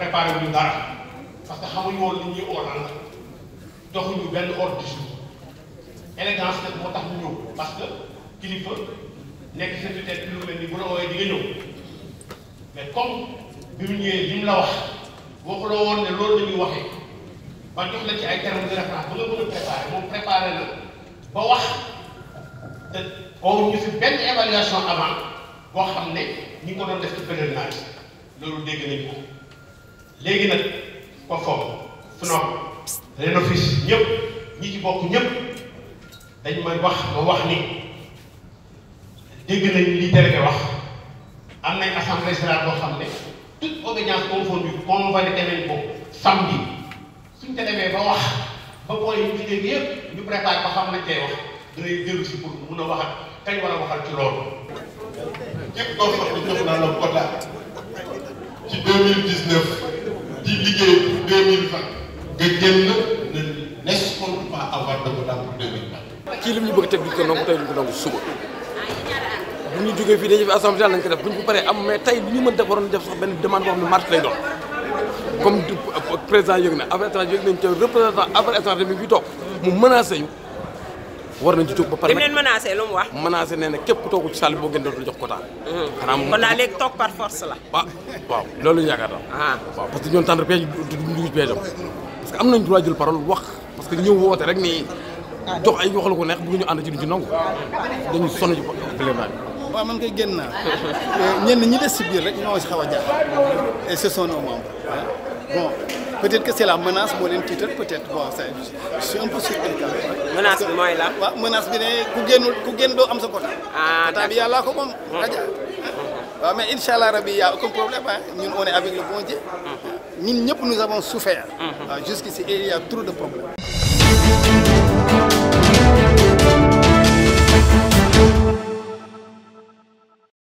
préparé wuñu dara parce que xamuñu woon li ñuy oo lan la benn ordre du jour élégance nag moo tax ñu ñëw parce que kilifa nekk secrétaire bi lu mel ni bu la wooyee di ñëw mais comme bi mu ñëwee li la wax waxuloo woon ne loolu la ñuy waxee ba jox la ci ay termes de référence ba nga mën a préparé la ba wax oo ñu fi benn évaluation avant boo xam ne ñi ko doon def beneen laaj loolu dégg nañ ko. léegi nag COFOM FNOC RENOFIS ñëpp ñi ci bokk ñëpp dañ may wax ma wax ni dégg nañ li délégué wax am nañ assemblée générale boo xam ne toute obédience confondue convalidé nañ ko samedi suñ te demee ba wax ba booy ñu ci dégg yëpp ñu préparé ba xam nañ tey wax dinañ dellu si pour mun a wax ak kañ a waxal ci loolu. ne jox naa la 2020 te démb ne n'escompte pas avoir de ko pour 2020. li ñu bëgg teg duñ ko nangu ko nangu suba bu ñu jógee fii dañuy fi assemblée nañ ko def bu ñu paree am mais tey bu ñu mën def waroon def sax benn demande boo xam ne marche lay doon comme président yëg na affaire étrangère yëg nañ te représentant affaire étrangère bi ñu toog mu mën a ñu. war nañ ci ba pare. lim leen menacé lu mu wax. menacé nee na képp ku toogul ci salle bi boo gën dootul jox ko mm-hmm. xanaa moom kon daal léegi toog par force la. waaw ah, waaw loolu yaakaar naa. Ah. waaw parce que ñoom tànn pexe duñ dugg ci parce que am nañ droit jël parole wax parce que rek ni jox ay wax la ko neex bëgg ñu ànd ci duñ ci nangu. dañu sonn ci plénière bi. waaw man kay génn naa euh, ñenn ñi des si a jaaxal et bon peut-être que c'est la menace pour une titres, peut-être bon je suis un peu surpris menace moi moi, là menace bi ne ku génnul ku génn am ah mm-hmm. mais Inch'Allah, il n'y a aucun problème Nous hein. on est avec le bon Dieu. Mm-hmm. nous avons souffert. Mm-hmm. jusqu'ici il y a trop de problèmes.